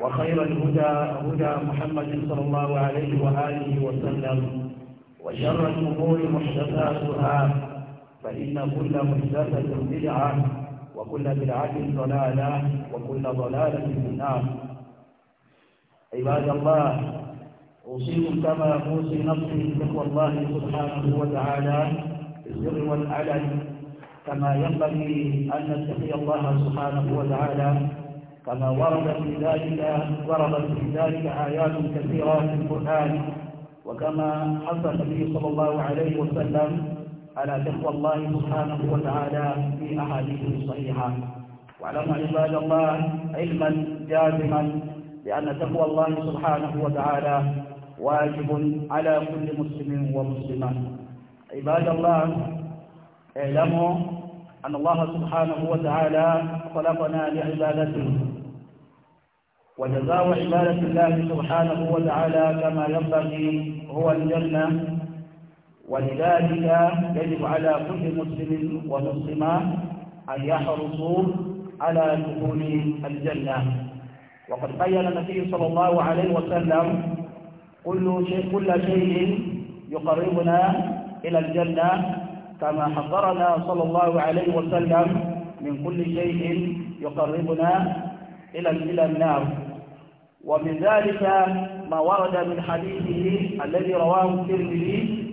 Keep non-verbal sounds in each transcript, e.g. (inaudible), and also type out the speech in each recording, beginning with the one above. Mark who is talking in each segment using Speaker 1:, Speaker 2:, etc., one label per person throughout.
Speaker 1: وخير الهدى هدى محمد صلى الله عليه وآله وسلم وشر الأمور محدثاتها فإن كل محدثة بدعة وكل بدعة ضلالة وكل ضلالة في النار عباد الله أوصيكم كما أوصي نفسي بتقوى الله سبحانه وتعالى بالسر والعلن كما ينبغي أن نتقي الله سبحانه وتعالى كما ورد في ذلك وردت في ذلك آيات كثيرة في القرآن وكما حث النبي صلى الله عليه وسلم على تقوى الله سبحانه وتعالى في أحاديثه الصحيحة واعلموا عباد الله علما جازما لأن تقوى الله سبحانه وتعالى واجب على كل مسلم ومسلمة عباد الله اعلموا أن الله سبحانه وتعالى خلقنا لعبادته وجزاء عبادة الله سبحانه وتعالى كما ينبغي هو الجنة ولذلك يجب على كل مسلم ومسلمة أن يحرصوا على دخول الجنة وقد بين النبي صلى الله عليه وسلم كل شيء كل شيء يقربنا إلى الجنة كما حذرنا صلى الله عليه وسلم من كل شيء يقربنا إلى إلى النار ومن ذلك ما ورد من حديثه الذي رواه الترمذي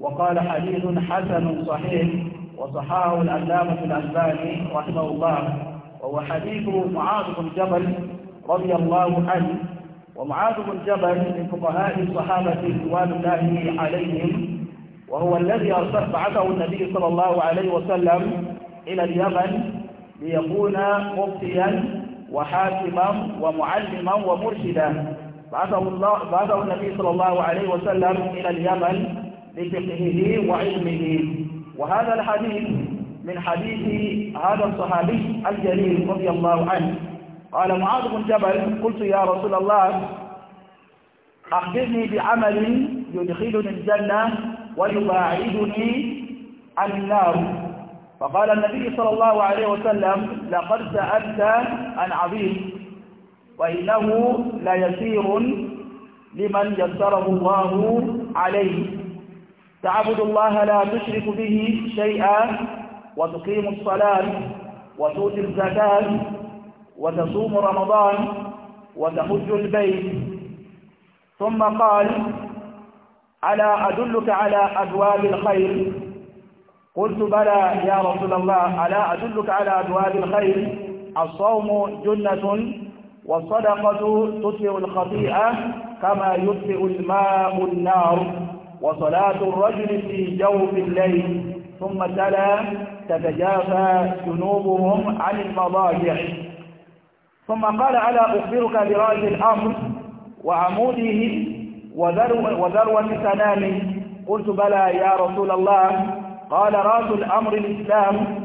Speaker 1: وقال حديث حسن صحيح وصححه في الألباني رحمه الله وهو حديث معاذ بن جبل رضي الله عنه ومعاذ بن جبل من فقهاء الصحابة رضوان الله عليهم وهو الذي أرسل بعثه النبي صلى الله عليه وسلم إلى اليمن ليكون مفتيا وحاكما ومعلما ومرشدا بعثه الله بعثه النبي صلى الله عليه وسلم إلى اليمن لفقهه وعلمه وهذا الحديث من حديث هذا الصحابي الجليل رضي الله عنه قال معاذ بن جبل قلت يا رسول الله أخبرني بعمل يدخلني الجنة ويباعدني عن النار فقال النبي صلى الله عليه وسلم لقد سألت عن عظيم وإنه ليسير لمن يسره الله عليه تعبد الله لا تشرك به شيئا وتقيم الصلاة وتؤتي الزكاة وتصوم رمضان وتحج البيت ثم قال ألا أدلك على أبواب الخير قلت بلى يا رسول الله ألا أدلك على أبواب الخير الصوم جنة والصدقة تطفئ الخطيئة كما يطفئ الماء النار وصلاة الرجل في جوف الليل ثم تلا تتجافى جنوبهم عن المضاجع ثم قال ألا أخبرك برأس الأمر وعموده وذروة سنامه قلت بلى يا رسول الله قال رأس الأمر الإسلام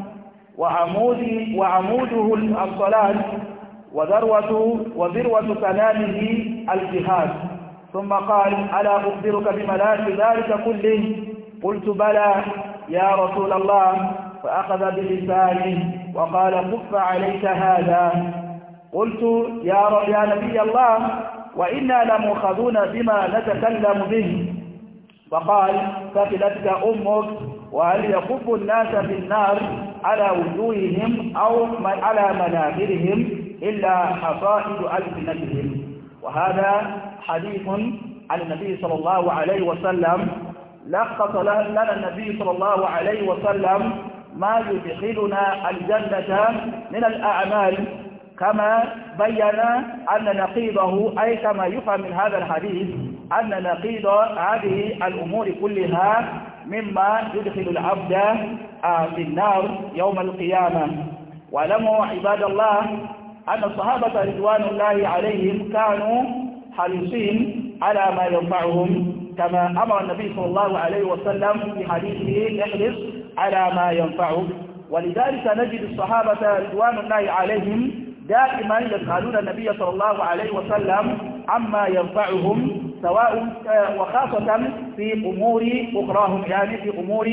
Speaker 1: وعمود وعموده الصلاة وذروة وذروة كلامه الجهاد ثم قال ألا أخبرك بملاك ذلك كله قلت بلى يا رسول الله فأخذ بلسانه وقال كف عليك هذا قلت يا, يا نبي الله وإنا لمؤخذون بما نتكلم به فقال ثقلتك أمك وهل يكف الناس في النار على وجوههم أو على منابرهم إلا حصائد ألسنتهم وهذا حديث عن النبي صلى الله عليه وسلم لخص لنا النبي صلى الله عليه وسلم ما يدخلنا الجنة من الأعمال كما بين أن نقيضه أي كما يفهم من هذا الحديث أن نقيض هذه الأمور كلها مما يدخل العبد آه، في النار يوم القيامة واعلموا عباد الله أن الصحابة رضوان الله عليهم كانوا حريصين على ما ينفعهم كما أمر النبي صلى الله عليه وسلم في حديثه احرص على ما ينفعك ولذلك نجد الصحابة رضوان الله عليهم دائما يسألون النبي صلى الله عليه وسلم عما ينفعهم سواء آه، وخاصة في أمور أخراهم يعني في أمور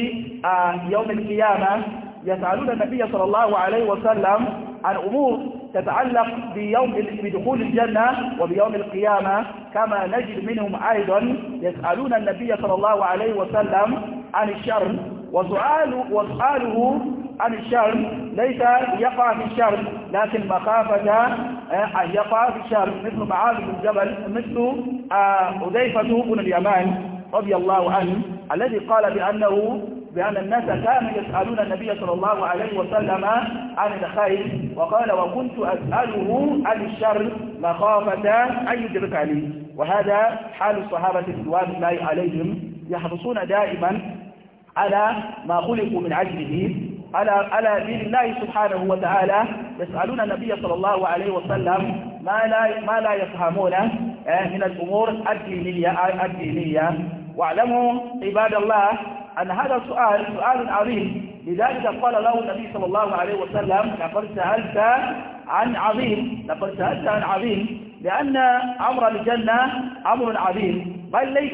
Speaker 1: آه، يوم القيامة يسألون النبي صلى الله عليه وسلم عن أمور تتعلق بيوم بدخول الجنة وبيوم القيامة كما نجد منهم أيضا يسألون النبي صلى الله عليه وسلم عن الشر وسؤال وسؤاله عن الشر ليس يقع في الشر لكن مخافة آه، أن يقع في الشر مثل معاذ بن جبل مثل آه، حذيفة بن اليمان رضي الله عنه الذي قال بأنه بأن الناس كانوا يسألون النبي صلى الله عليه وسلم عن الخير وقال وكنت أسأله عن الشر مخافة أن يدركني وهذا حال الصحابة رضوان الله عليهم يحرصون دائما على ما خلقوا من عجله على على دين الله سبحانه وتعالى يسألون النبي صلى الله عليه وسلم ما لا ما لا يفهمون آه، من الأمور الدينية الدينية واعلموا عباد الله أن هذا السؤال سؤال عظيم لذلك قال له النبي صلى الله عليه وسلم لقد سألت عن عظيم لقد سألت عن عظيم لأن أمر الجنة أمر عظيم بل ليس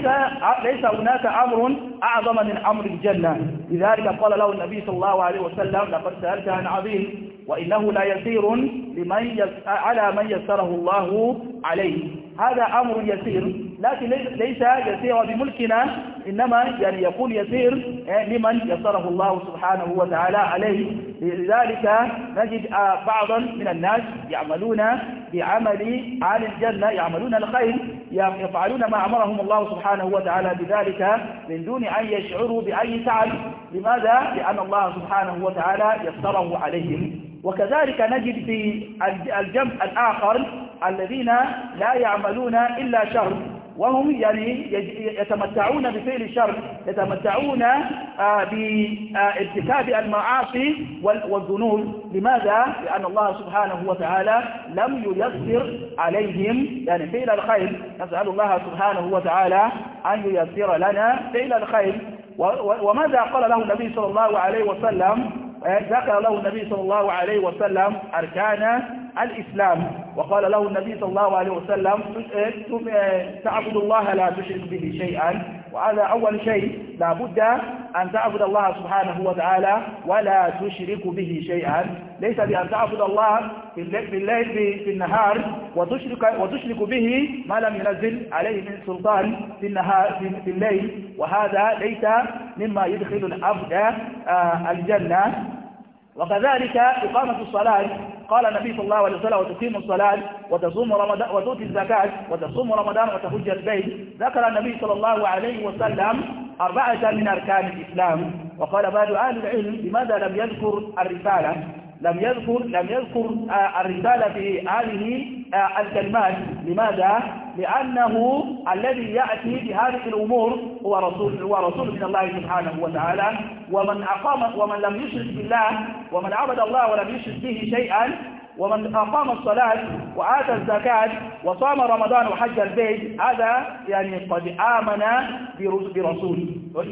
Speaker 1: ليس هناك أمر أعظم من أمر الجنة لذلك قال له النبي صلى الله عليه وسلم لقد سألت عن عظيم وإنه لا يسير لمن على من يسره الله عليه هذا أمر يسير لكن ليس يسير بملكنا إنما يعني يكون يسير آه، لمن يسره الله سبحانه وتعالى عليه لذلك نجد آه، بعضا من الناس يعملون بعمل عن الجنة يعملون الخير يفعلون ما أمرهم الله سبحانه وتعالى بذلك من دون أن يشعروا بأي تعب لماذا؟ لأن الله سبحانه وتعالى يسره عليهم وكذلك نجد في الجنب الآخر الذين لا يعملون إلا شر وهم يعني يتمتعون بفعل الشر يتمتعون آه، بارتكاب آه، المعاصي والذنوب لماذا؟ لأن الله سبحانه وتعالى لم ييسر عليهم يعني فعل الخير نسأل الله سبحانه وتعالى أن ييسر لنا فعل الخير وماذا قال له النبي صلى الله عليه وسلم إيه، ذكر له النبي صلى الله عليه وسلم أركان الإسلام وقال له النبي صلى الله عليه وسلم إيه، إيه، تعبد الله لا تشرك به شيئا وهذا أول شيء لابد أن تعبد الله سبحانه وتعالى ولا تشرك به شيئا ليس بأن تعبد الله في الليل في النهار وتشرك, وتشرك به ما لم ينزل عليه من سلطان في, النهار في الليل وهذا ليس مما يدخل العبد آه، الجنة وكذلك إقامة الصلاة قال النبي صلى الله عليه وسلم وتقيم الصلاة وتصوم رمضان وتؤتي الزكاة وتصوم رمضان وتحج البيت ذكر النبي صلى الله عليه وسلم أربعة من أركان الإسلام وقال بعض أهل العلم لماذا لم يذكر الرسالة لم يذكر لم يذكر آه، الرسالة في هذه آه، الكلمات لماذا؟ لأنه الذي يأتي بهذه الأمور هو رسول هو رسول من الله سبحانه وتعالى ومن أقام ومن لم يشرك بالله ومن عبد الله ولم يشرك به شيئا ومن أقام الصلاة وآتى الزكاة وصام رمضان وحج البيت هذا يعني قد آمن برسول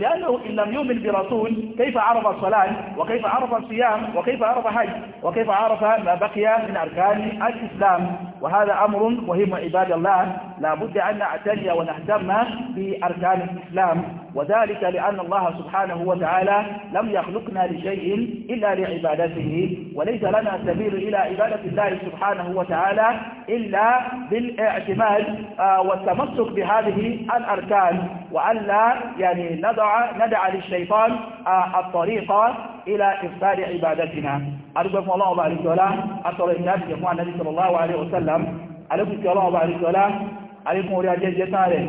Speaker 1: لأنه إن لم يؤمن برسول كيف عرف الصلاة وكيف عرف الصيام وكيف عرف حج وكيف عرف ما بقي من أركان الإسلام وهذا أمر مهم عباد الله لا بد أن نعتني ونهتم بأركان الإسلام وذلك لأن الله سبحانه وتعالى لم يخلقنا لشيء إلا لعبادته وليس لنا سبيل إلى عبادة الله سبحانه وتعالى إلا بالاعتماد آه، والتمسك بهذه الأركان وألا يعني ندع ندع للشيطان آه، الطريق إلى إفساد عبادتنا أرجو من الله عليه وسلم أترى الناس جمع النبي صلى الله عليه وسلم عليكم الله عليه وسلم عليكم ورياجة جتاره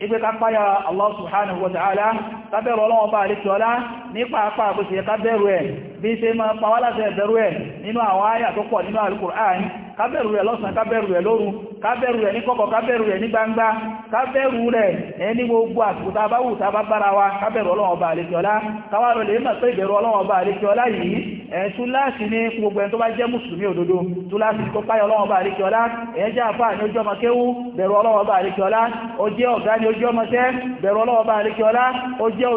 Speaker 1: ipé ká páyà Allah subhanahu wa ta'ala kábẹ̀rù ọlọ́wọ́ bá àríkì ọlá nípa apá àgbèsè kábẹ̀rù ẹ̀ bí ṣe máa pàwálàṣẹ ẹ̀bẹ̀rù ẹ̀ nínú àwọn àyà tó pọ̀ kábẹ̀rù rẹ̀ lọ́sàn kábẹ̀rù rẹ̀ lóru kábẹ̀rù rẹ̀ ní kọ̀kọ̀ kábẹ̀rù rẹ̀ ní gbangba kábẹ̀rù rẹ̀ ẹni gbogbo àsìkòta bá wù bá bára wa kábẹ̀rù ọlọ́wọ̀n bá àlekíọlá káwàrò lè mọ̀ pé ìbẹ̀rù ọlọ́wọ̀n bá àlekíọlá yìí ẹ̀ túláàsì ní gbogbo ẹni tó bá jẹ́ mùsùlùmí òdodo túláàsì tó páyọ̀ ọlọ́wọ̀n bá àlekíọlá ẹ̀ jẹ́ àfáà ní ojú ọmọ kéwú bẹ̀rù ọlọ́wọ̀n bá àlekíọlá ó jẹ́ ọ̀gá ní ojú ọmọ tẹ́ bẹ̀rù ọlọ́wọ̀n bá àlekíọlá ó jẹ́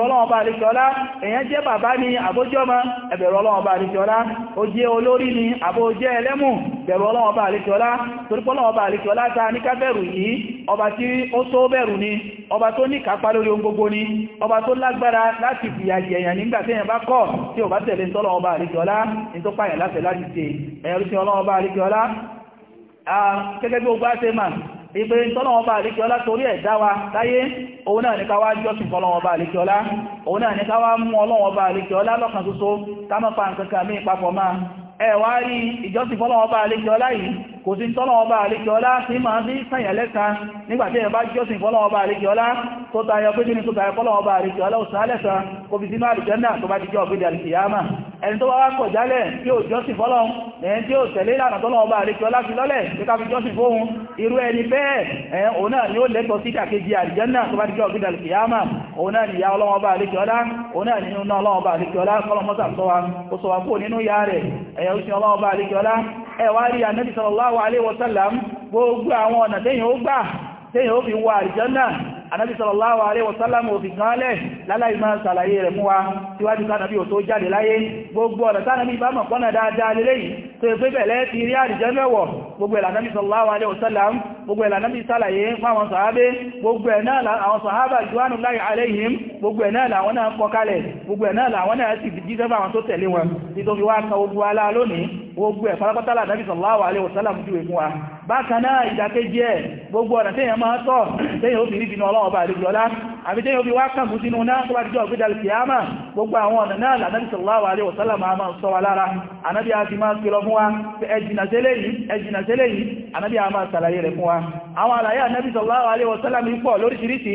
Speaker 1: olùkọ́ ni jẹ́ bàbá ni àbójọ́mọ ẹ̀bẹ̀rù ọlọ́wọ́ bá àríkíọlá ó jẹ́ olórí ni àbójẹ́ ẹlẹ́mù bẹ̀rù ọlọ́wọ́ bá àríkíọlá torípọ́lọ́wọ́ bá àríkíọlá ta ní ká yìí ọba tí ó tó bẹ̀rù ni ọba tó ní kápá lórí ohun gbogbo ni ọba tó lágbára láti fìyà jẹ̀yàn nígbà tí bá kọ̀ tí bá tẹ̀lé ní tó pààyàn láti ṣe ẹ̀rù sí ìpé tọ́lọ́wọ́ bá àríkẹ́ ọlá torí ẹ̀ dá wa láyé òun náà ní ká wá jọ́sìn fọ́lọ́wọ́ bá àríkẹ́ ọlá òun náà ní ká wá mú ọlọ́wọ́ bá àríkẹ́ ọlá lọ́kàn ṣoṣo ká pa nǹkan kan papọ̀ máa ẹ̀wà rí ìjọ́sìn fọ́lọ́wọ́ bá àríkẹ́ ọlá yìí kò sí tọ́lọ́wọ́ bá àríkẹ́ ọlá tí máa ní sàyà lẹ́ta nígbàtí ẹ̀bá jọ́sìn fọ́lọ́wọ́ bá àríkẹ́ ọlá tó tayọ pé nínú tó tayọ fọ́lọ́wọ́ bá àríkẹ́ ọlá òsàálẹ́ta kò fi sí máa rí jẹ́ndà tó bá ti jọ ọ̀gbẹ́dẹ̀ àríkìyàmà ẹni tó wá wá kọ̀ jálẹ̀ tí ó jọ́sìn fọ́lọ́un ẹni tí ó tẹ̀lé ìlànà tọ́lọ́wọ́ bá àríkẹ́ ọlá fi lọ́lẹ̀ tí ká fi jọ́sìn fóhun irú ẹni bẹ́ẹ̀ ẹ̀yìn òun náà ni ó lẹ́tọ̀ sí ìdàkejì àríjẹ́ndà tó bá ti jọ ọ̀gbẹ́dẹ̀ àríkìyàmà òun náà ni ìyá ọlọ́wọ́ bá àríkẹ́ òun náà ni iná ọlọ́wọ́ bá àríkẹ́ ọlá kọ́lọ́mọ́sà sọ wa kó sọ wa kó nínú ìyá rẹ̀ ẹ̀yà òsìn ọlọ́wọ́ bá àríkẹ́ ọlá ẹ̀wà rí ànẹ́bì sọ̀rọ̀láwà alayhi wa sallam gbogbo àwọn ọ̀nà tẹ́yìn ó gbà tẹ́yìn ó fi wà àlùjánnà anábì sallallahu alaihi wasallam òfin kan lẹ́ láláì máa sàlàyé rẹ̀ mú wa tíwájú tánàbí ò tó jáde láyé gbogbo ọ̀nà tánàbí bá mọ̀ pọ́nà dáadáa lélẹ́yìn tó ẹgbẹ́ bẹ̀lẹ́ ti rí àlùjánnà wọ̀ gbogbo ẹ̀lànàbí sallallahu alaihi wasallam gbogbo ẹ̀lànàbí sàlàyé fáwọn sàábé gbogbo ẹ̀ náà àwọn sàábà juwánu láì aléhìm gbogbo ẹ̀ náà làwọn náà kọkalẹ̀ bákanáà ìdàkejì ẹ̀ gbogbo ọ̀nà tẹ́yàn máa tọ́ tẹ́yàn ó fi níbi náà ọlọ́wọ́ bá àdébìlọ́lá àbí tẹ́yàn ó fi wá kàmù sínú náà tó bá dìjọ́ ọ̀gbẹ́dà kìíyàmà gbogbo àwọn ọ̀nà náà lànàbí sallallahu alaihi wasallam máa máa sọ wa lára ànábí a ti máa kìlọ fún wa ẹjìnà tẹ́lẹ̀ yìí ẹjìnà tẹ́lẹ̀ yìí ànábí a máa sàlàyé rẹ̀ fún wa àwọn àlàyé ànábí sallallahu alaihi wasallam pọ̀ lóríṣiríṣi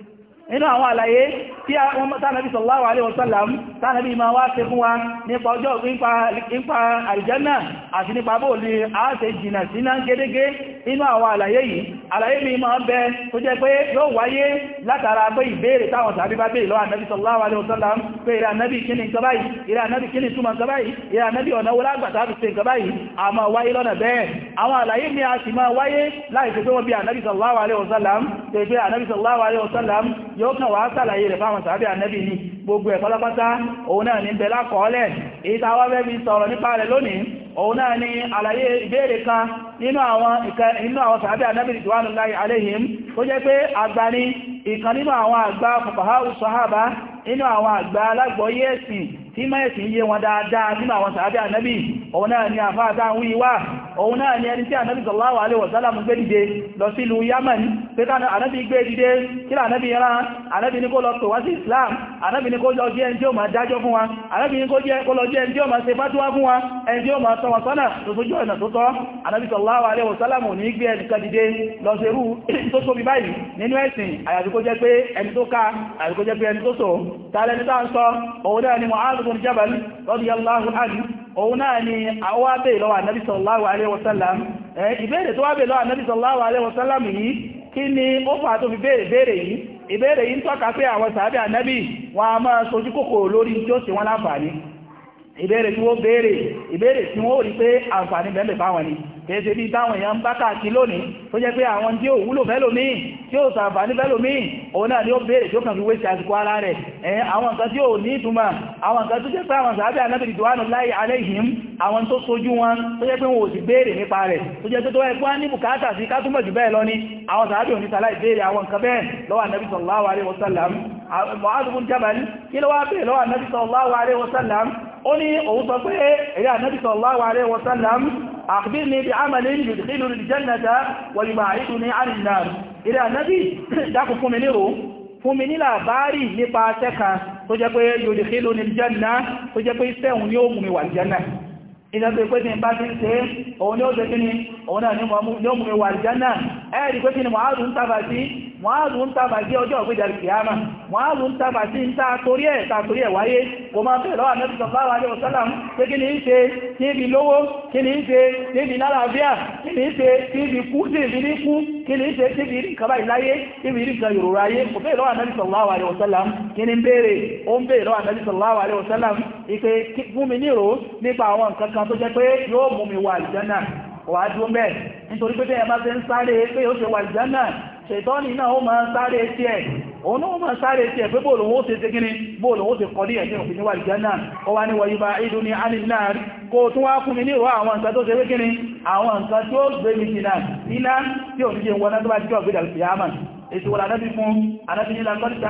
Speaker 1: inú àwọn àlàyé tí a wọ́n tánàbí sallallahu alaihi wasallam tánàbí ma wá ṣe fún wa nípa ọjọ́ nípa àlìjánà àti nípa bóò lè àáṣẹ jìnà síná gédégé inú àwọn àlàyé yìí àlàyé mi ma ń bẹ tó jẹ́ pé yóò wáyé látara pé ìbéèrè táwọn tàbí sallallahu alaihi wasallam pé ìrẹ́ ànábì kíni nǹkan báyìí ìrẹ́ ànábì kíni túmọ̀ nǹkan báyìí ìrẹ́ ànábì ọ̀nà wọlá àgbàtà fi ṣe nǹkan báyìí a máa wáyé lọ́nà bẹ́ẹ̀ àwọn àlàyé mi a sì máa wáyé láìsí sallallahu alaihi wasallam yóò kàn wá sàlàyé rẹ̀ fáwọn sàábẹ̀ ànẹ́bì ní gbogbo ẹ̀ pátápátá òun náà ní bẹ̀lá kọ́ọ́lẹ̀ èyí tá wá sọ̀rọ̀ nípa rẹ̀ lónìí òun náà ni àlàyé ìbéèrè kan nínú àwọn sàábẹ̀ ànẹ́bì ridwanullahi alayhim tó jẹ́ pé àgbà ni ìkan nínú àwọn àgbà fuqaha'u sahaba nínú tí máa ẹ̀sìn yé wọn dáadáa nínú àwọn sàábí ànábì òun náà ni àfáàtà ń wí wá òun náà ni ẹni tí ànábì sallallahu alaihi wasallam gbé dìde lọ sí ìlú Yaman pẹ́ta ànábì gbé dìde kí ànábì Islam ànábì ní kó lọ jẹ́ ẹni tí ó máa dájọ́ fún wa ànábì ní kó lọ jẹ́ ẹni tí ó máa ṣe fátúwá fún wa ẹni tí ó máa tọ́ wọn sọ́nà tó tójú ọ̀nà tó tọ́ ànábì sallallahu alaihi wasallam ní gbé dìde bun jabal radiyallahu anhu òun náà ni àwọn abẹ́ ìlọ́wà nabi sallallahu alaihi wasallam ìbéèrè tó wábẹ̀ lọ́wà nabi sallallahu alaihi yìí kí ni ó fà tó fi béèrè yìí ìbéèrè yìí ń tọ́ka pé àwọn sàábẹ̀ ànábì wọn a máa sojú kòkòrò lórí tí ó ìbéèrè tí wọ́n béèrè ìbéèrè tí wọ́n rí pé àǹfààní bẹ̀m̀bẹ̀ fáwọn ni kèèṣe bí táwọn èèyàn ń bá káàkì lónìí tó jẹ́ pé àwọn tí ó wúlò fẹ́lòmíì tí ó sàǹfààní fẹ́lòmíì òun náà ni ó béèrè tí ó kàn fi wé sí àsìkò ara rẹ̀ ẹ̀yìn àwọn nǹkan tí ó ní ìtumọ̀ àwọn nǹkan tó jẹ́ pé àwọn sàábẹ̀ anábìrì duwánu láì aléhìm àwọn tó sojú wọn tó jẹ́ pé wọn ò sì béèrè sallallahu alaihi wasallam Mu'adh bin Jabal kí ló wá sallallahu alaihi wasallam ó ní òun sọ pé èyí ànábì sallallahu alaihi wa sallam akhbirni bi amalin yudkhiluni al-jannata wa yub'iduni 'ani an-nar ìrẹ́ ànábì dákùn fún mi nírò fún mi ní làbárì nípa tẹ́ka tó jẹ́ pé yudkhiluni al-janna tó jẹ́ pé sẹ́hùn ni ó mọ́àlù ń tàbà jẹ́ ọjọ́ ọ̀gbẹ́jàrí kìíyàmà mọ́àlù ń tàbà sí ń ta torí ẹ̀ ta torí ẹ̀ wáyé kò máa bẹ̀rẹ̀ lọ́wà Ànábì sallallahu alaihi wasallam pé kí ni í ṣe kí ni lówó kí ni í ṣe kí ni lálàáfíà kí ni í ṣe kí ni kú sí ìbí ní kú kí ni í ṣe kí ni rí kaba ìláyé kí ni rí kan yòrò ayé kò bẹ̀rẹ̀ lọ́wà Ànábì sallallahu alaihi wasallam kí ni béèrè ó ń bèèrè lọ́wà Ànábì sallallahu alaihi wasallam ìpè fún mi nírò nípa àwọn nǹkan kan tó jẹ́ pé yóò mú mi wà àlùjánnà wàá dúró mẹ́ẹ̀ nítorí pé tẹ́yẹ bá ṣe ń sáré pé ó ṣe wà àlùjánnà ṣètọ́nì náà ó máa sáré sí ẹ̀ òun náà ó máa sáré sí ẹ̀ pé bóòlù ó ṣe gíní bóòlù ó ṣe kọ̀dí ẹ̀ tí òfin níwà ìjánà ó wá ní wọ̀nyí bá ìlú ní alìláàrí kó tún wá fún mi ní ìwọ àwọn nǹkan tó ṣe wé gíní àwọn nǹkan tí ó gbé mi jìnà iná tí òun jẹ́ wọná tó bá jọ gbé dàgbé àmà ètò wà lábí fún alábìnrin lákọ́lùsà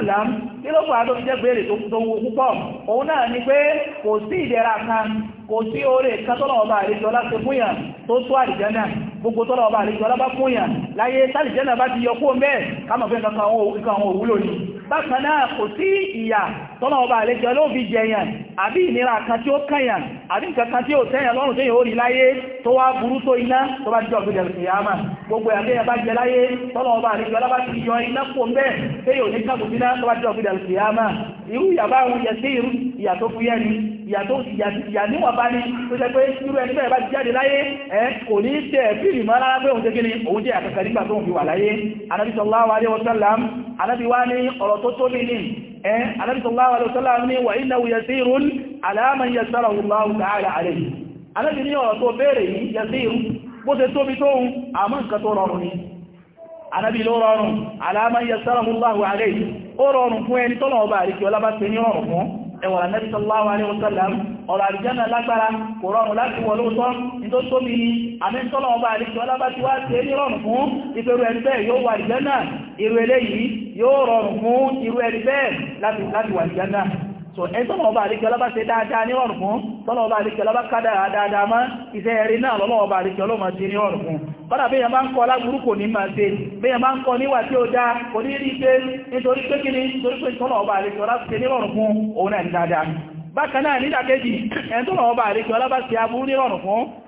Speaker 1: àìsà kí ló fà á tó fi jẹ́ gbèrè tó wù púpọ̀ òun náà ni pé kò sí ìdẹ̀ra kan kò sí oore kan tọ́lọ̀ ọba àlejò ọlá ṣe fún yàn tó tó àlìjánà gbogbo tọ́lọ̀ ọba àlejò ọlá bá fún yàn láyé tálìjánà bá ti yọ kó mẹ́ẹ̀ ká fẹ́ nǹkan òwúlò yìí bákan náà kò sí ìyà tọ́nà ọba àlejò ló fi jẹyàn àbí ìnira kan tí ó kàyàn àbí nǹkan kan tí ó tẹ́yàn lọ́rùn tí yóò rí láyé tó wá burú tó iná tó bá jọ gbẹ̀dẹ̀ ìyàmà gbogbo àgbẹ̀yàn bá jẹ láyé tọ́nà ọba àlejò alábá ti yọ iná pò ni ìyàtọ̀ ìyà níwọ̀n bá ní tó jẹ́ pé irú ẹni bẹ́ẹ̀ ni òun jẹ́ àkẹ́kẹ́ nígbà tó ń fi wà láyé anábì sallallahu alaihi tó tó nínú ẹ́ alábìsọ̀láwà lọ́sọ́lá ní wà iná wuyẹ sí irun aláàmà yẹ sára wùláwù káàrà àrẹ alábì ní ọ̀rọ̀ tó bèèrè yìí yẹ sí irun bó ṣe tóbi tó hun àmọ́ nǹkan tó rọrùn ni ní rọrùn ọ̀rọ̀ àrìjánà lágbára kò rọrùn láti wọ lóòtọ́ nító tóbi ni àmẹ́ntọ́lọ̀ ọba àríkì ọlá bá ti wá ṣe ní rọrùn fún ìfẹ́rù ẹgbẹ́ yóò wà àrìjánà irú eléyìí yóò rọrùn fún irú ẹni bẹ́ẹ̀ láti láti wà ìjánà so ẹni tọ́lọ̀ ọba àríkẹ́ ọlọ́bá ṣe dáadáa ní ọ̀rùn fún tọ́lọ̀ ọba àríkẹ́ ọlọ́bá kádà dáadáa mọ́ iṣẹ́ ẹ̀rí náà lọ́lọ́ ọba àríkẹ́ ọlọ́mọ sí ní ọ̀rùn fún kọ́nà bí yẹn máa ń kọ́ lágbúrú kò ní máa ṣe bí yẹn máa ń kọ́ níwà tí ó dá kò ní rí pé nítorí pé kíni nítorí pé tọ́lọ̀ ọba àríkẹ́ ọlá ṣe ní ọ̀rùn fún òun náà ní dáadáa bákan náà nídàkejì ẹni tọ́lọ̀ ọba àríkẹ́ ọlá bá ṣe aburú ní ọ̀rùn fún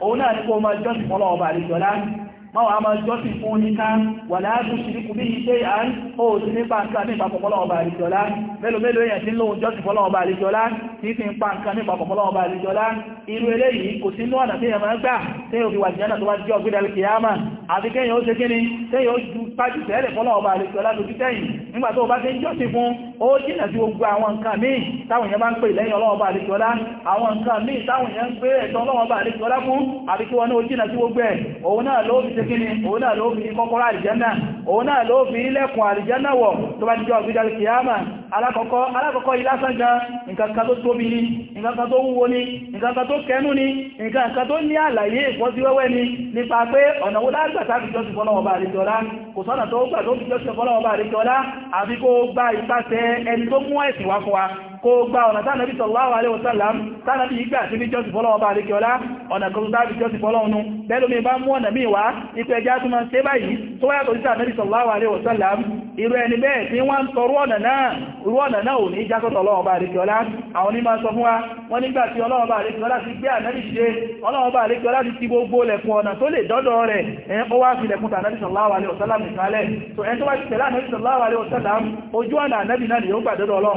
Speaker 1: òun náà ní kó máa jọ́sìn fún ọlọ́ọ̀bà àríjọlá máa wà máa jọ́sìn fún oníká wà láàájú sí kú bí iṣẹ́ ìhàn ó sì ní pàǹkà ní ìpapọ̀pọ̀lọ́ọ̀bà àríjọlá mélòó mélòó èèyàn tí ń lóhun jọ́sìn fọ́lọ́ọ̀bà àríjọlá tí fi ń pàǹkà ní ìpapọ̀pọ̀lọ́ọ̀bà àríjọlá irú eléyìí kò sí inú ọ̀nà tí èèyàn máa gbà tí ó nígbà tó bá ti ń jọ́sìn fún ó jìnà sí gbogbo àwọn nǹkan míì táwọn èèyàn bá ń pè lẹ́yìn ọlọ́ọ̀bá àríkọ́lá àwọn nǹkan míì táwọn èèyàn ń pè ẹ̀tọ́ ọlọ́ọ̀bá àríkọ́lá fún àbí kí wọn ó jìnà sí gbogbo ẹ̀ òun náà ló fi tekíní òun náà ló fi kọ́kọ́rọ́ àlìjánà òun náà ló fi ilẹ̀kùn àlìjánà wọ̀ tó bá ti jọ ọ̀gbídàrí kìyàmà alákọ̀ọ́kọ́ alákọ̀ọ́kọ́ ilásán gan nǹkan kan tó tóbi ni nǹkan kan tó wúwo ni nǹkan kan tó kẹnu ni nǹkan kan tó ní àlàyé ìfọ́síwẹ́wẹ́ ni nípa pé ọ̀nà wo lágbàtà fi jọ́sìn fọ́lọ́wọ́ bá àríkọ́lá kò sọ́nà tó gbà tó fi jọ́sìn fọ́lọ́wọ́ bá àríkọ́lá àbí kó gba ìpàṣẹ ẹni tó mú ẹ̀sìn wá fún wa kó gba ọ̀nà tánàbí sallallahu alaihi wasallam tánàbí ìgbà tí bí jọ́sì fọ́lọ́wọ́ bá àríkẹ́ ọlá ọ̀nà kan tánàbí jọ́sì fọ́lọ́wọ́ nú bẹ́lómi bá mú ọ̀nà míì wá ipò ẹjá tó máa ń ṣe báyìí tó alaihi wasallam irú ẹni bẹ́ẹ̀ tí wọ́n ń tọrú ọ̀nà náà irú ọ̀nà náà ò ní jásọ́tọ̀ ọlọ́ọ̀bá àríkẹ́ọlá àwọn onímọ̀ sọ fún wa wọ́n nígbà tí ọlọ́ọ̀bá àríkẹ́ọlá ti gbé ànábì ṣe ọlọ́ọ̀bá àríkẹ́ọlá ti ti gbogbo lẹ̀kùn ọ̀nà tó lè dọ́dọ̀ rẹ̀ ẹ̀ wá fi alaihi wasallam nìkalẹ̀ so ẹni tó wá ti alaihi wasallam ojú ọ̀nà ànábì náà ni yóò gbà dọ́dọ̀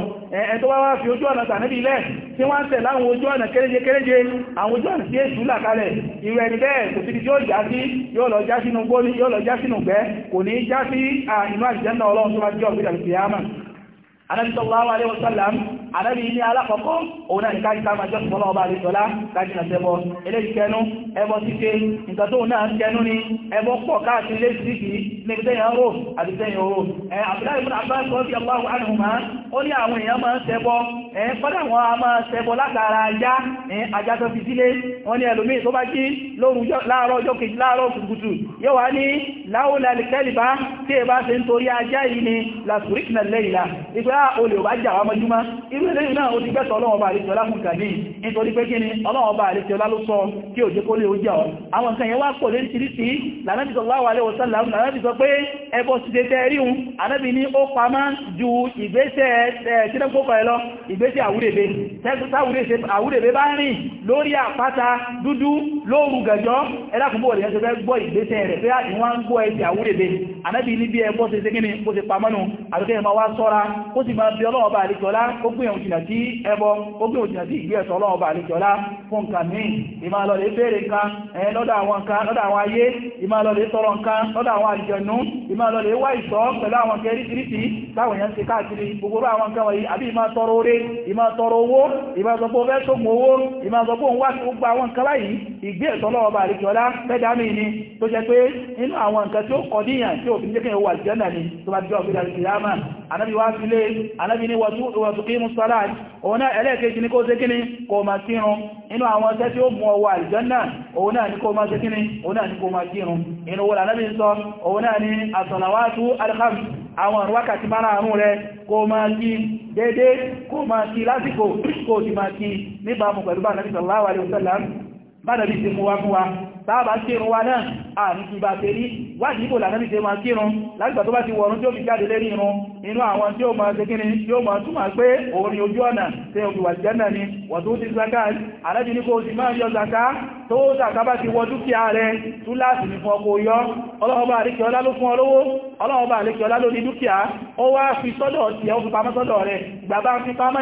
Speaker 1: tó wá wá wá fi ojú ọ̀nà tàníbí ilẹ̀ tí wọ́n ń tẹ̀ láwọn ojú ọ̀nà kéréje kéréje àwọn ojú ọ̀nà sí èṣù làkalẹ̀ ìwẹ̀ ẹni bẹ́ẹ̀ kò sí yóò já sí yóò lọ já sínú gbóní yóò lọ já sínú gbẹ́ kò ní já sí àìnú àjẹ́nà ọlọ́run tó bá jẹ́ ọ̀gbẹ́dàgbẹ́ Ànábì sallallahu alaihi wasallam Ànábì ní alákọ̀ọ́kọ́ òun náà ní káàkiri ká máa jọ́sùn ọlọ́ọ̀bá àríṣọ́lá káàkiri àtẹ́bọ̀ eléyìí kẹnu ẹbọ títẹ́ nǹkan tó náà kẹnu ni ẹbọ pọ̀ káàkiri lé síkì níbi tẹ́yìn ọrọ̀ àti tẹ́yìn ọrọ̀ Abdullahi ibn Abbas radiyallahu anhuma ó ní àwọn èèyàn máa ń ṣẹbọ kọ́dà wọn a máa ṣẹbọ látara ajá ajá tó fi sílé wọn ní ẹlòmíì tó bá jí lóru láàárọ̀ ọjọ́ kejì láàárọ̀ bóyá olè ò bá jà wá mọ́júmá irú eléyìí náà ó ti gbẹ́sọ̀ ọlọ́wọ́ bá àríkẹ́ ọlá fún kàní nítorí pé kíni ọlọ́wọ́ bá àríkẹ́ ọlá ló sọ kí ò jẹ́ kó lè ó jà ọ́ àwọn nǹkan yẹn wá pọ̀ lóríṣiríṣi lànàbì sallallahu alaihi wasallam ju ìgbésẹ̀ tẹ́lẹ́gbọ́kọ̀ ẹ lọ ìgbésẹ̀ àwúrèbe àwúrèbe bá rìn lórí àpáta dúdú lóòrù gàjọ́ ẹlákùnbó rẹ̀ ṣe fẹ́ gbọ́ ìgbésẹ̀ rẹ̀ pé ìwọ́n ń gbọ́ ẹ̀sẹ̀ àwúrèbe ànàbì ní bí ẹbọ ṣe ṣe kíni bó ṣe sì máa bí ọlọ́wọ́ bá àríkọlá ó gbé òun jìnà sí ẹbọ ó gbé òun jìnà sí ìgbé ẹ̀sọ́ ọlọ́wọ́ bá àríkọlá fún nǹkan míì ìmá lọ lè béèrè nǹkan ẹ̀yẹn lọ́dọ̀ àwọn nǹkan lọ́dọ̀ àwọn ayé ìmá lọ lè tọrọ nǹkan lọ́dọ̀ àwọn àlùjànnú ìmá lọ lè wá ìsọ́ pẹ̀lú àwọn kẹrí tìrìtì táwọn èèyàn ti káàkiri gbogbo àwọn nǹkan wọ̀nyí àbí ìmá tọrọ oore ìmá tọrọ owó ìmá sọ pé ó fẹ́ sógun owó ìmá sọ pé òun wá sí gbogbo àwọn nǹkan báyìí ìgbé ẹ̀tọ́ lọ́wọ́ bá àríkíọlá pẹ́dámì ni tó jẹ́ pé inú àwọn nǹkan tí ó kọ̀ díyàn tí ó fi jẹ́kẹ́ wà jẹ́nà ni tó bá jọ ọ̀gbẹ̀dà ìyámà anábi wá sílé anábi ní wọ̀túkí musalá òun náà ẹlẹ́ẹ̀kejì ní kó ṣe kíni kò máa kírun inú àwọn ọ̀sẹ́ tí ó mú ọwọ́ àlùjánnà òun náà ní kó máa ṣe rẹ kó máa kí déédéé kó máa kí lásìkò kó sì máa kí níbàámu pẹ̀lú bá nàbí sallallahu alaihi wasallam bánàbí ti mú wa fún wa sáàbà kírun wa náà a ní kí bá tẹ́rí wà ní ìbò lànàbí ti máa kírun lágbà tó bá ti wọ̀rún tí ó fi jáde lérí irun inú àwọn tí ó máa ṣe kíni tí ó máa túnmà pé òun ni ojú ọ̀nà tí ó fi jẹ́nà ni wà ti zaka alábi ní kó ti máa yọ zaka tó zaka bá ti wọ dúkìá rẹ tú láti ní fún ọkọ̀ yọ ọlọ́ọba àríkẹ́ ọlá ló fún ọlọ́wọ́ ọlọ́ọba àríkẹ́ ọlá ló ní dúkìá ó wá fi sọ́dọ̀ tí ó fi pamọ́ sọ́dọ̀ rẹ gbàbá fi pamọ́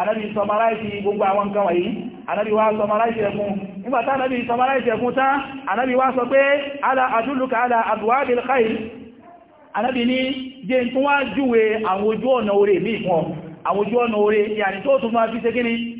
Speaker 1: anábi sọmaráìsì gbogbo àwọn nǹkan wọ̀nyí anábi wá sọmaráìsì ẹkùn nígbàtá anábi sọmaráìsì ẹkùn tán anábi wá sọ pé ala adúlùkà ala abwabil khair anábi ní jẹ́ tún wá júwe àwọn ojú ọ̀nà orí mi fún ọ àwọn ojú ọ̀nà orí yàní tó tún máa fi ṣe kíní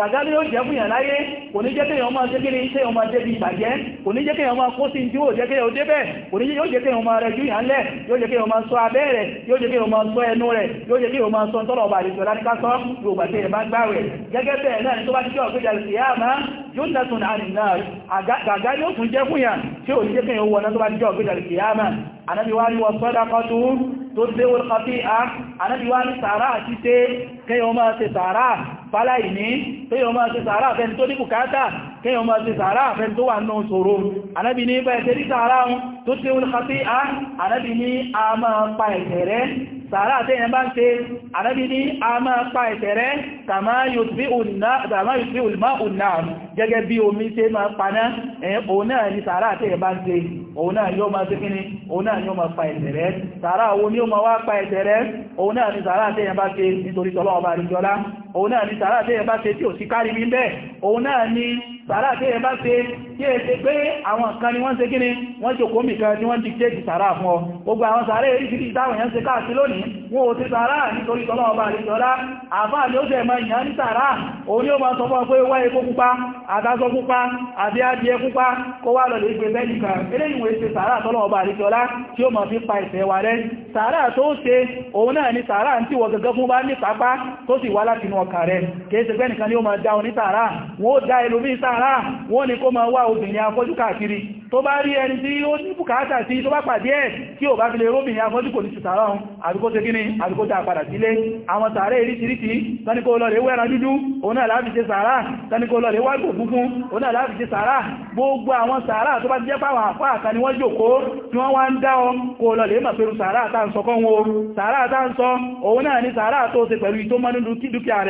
Speaker 1: gàgá ló jẹ́ fún yàn láyé kò ní jẹ́ kéèyàn máa jẹ́ kí ní iṣẹ́ ọmọ débi ìbàjẹ́ kò ní jẹ́ kéèyàn máa kó sí ìdíwò jẹ́ kéèyàn ó débẹ̀ kò ní jẹ́ kéèyàn máa rẹ̀ jú yàn lẹ̀ yóò jẹ́ kéèyàn máa sọ abẹ́ rẹ̀ yóò jẹ́ kéèyàn máa sọ ẹnu rẹ̀ yóò jẹ́ kéèyàn máa ni tó bá ti jẹ́ ọ̀gbẹ́jà lè yá máa yóò ń dàtún àrìn náà gàgá yóò tún jẹ́ tó déwò kọfí a anábíwá ní sàárà àti tẹ́ kẹyọ máa ṣe sàárà fáláì ní kẹyọ máa ṣe sàárà fẹ́ni tó ní bùkátà kéèyàn máa ṣe sàárá àfẹ́ tó wà náà ṣòro anábì ní bá ẹ̀ṣẹ̀ rí sàárá ń tó tí wọ́n kàtí á anábì ní a máa pa ẹ̀ṣẹ̀ rẹ̀ sàárá àtẹ́yẹn bá ń ṣe anábì ní a máa pa ẹ̀ṣẹ̀ rẹ̀ kàmá yóò sí olùmá ònà gẹ́gẹ́ bí omi ṣe máa paná òun náà ni sàárá àtẹ́yẹn bá ń ṣe òun náà yóò máa ṣe kíni òun náà yóò máa òun náà ni sàárà tí ẹ bá ṣe tí ò sí kárí mi bẹ́ẹ̀ òun náà ni sàárà tí ẹ bá ṣe tí ẹ ṣe pé àwọn kan ni wọ́n ṣe kíni wọ́n ṣe kòmì kan ni wọ́n dictate sàárà fún ọ gbogbo àwọn sàárà èrí sí ìdáwọn èèyàn ṣe lónìí wọn ò ti sàárà ni ó ṣe mọ ìyàn ní sàárà òun ni ó máa sọ fún ọ pé wá epo pupa àtàṣọ pupa àbí adìẹ pupa kó wá lọlẹ̀ ìgbé bẹ́ẹ̀ nìkan eléyìí wọ́n ṣe sàárà tọ́lọ́ ọba àríṣọ́lá tí wa rẹ sàárà tó ṣe òun ọkà rẹ̀ kèése pé nìkan ni ó ma dá oní tààrà wọ́n ó dá ẹlòmí tààrà wọ́n ni kó ma wá obìnrin afọ́jú káàkiri tó bá rí ẹni tí ó ní bùkátà sí tó bá pàdé ẹ̀ tí ò bá fi lè róbìnrin afọ́jú kò ní ti tààrà ohun àbíkó ṣe kíni àbíkó dá padà sílé àwọn tààrà èríṣiríṣi tánìkó lọ rẹ̀ wẹ́ran dúdú òun náà láàfi ṣe sàárà tánìkó lọ rẹ̀ wágbò funfun òun náà láàfi ṣe sàárà gbogbo àwọn sàárà tó bá jẹ́ pàwọn àpá pẹ̀lú sàárà dúkìá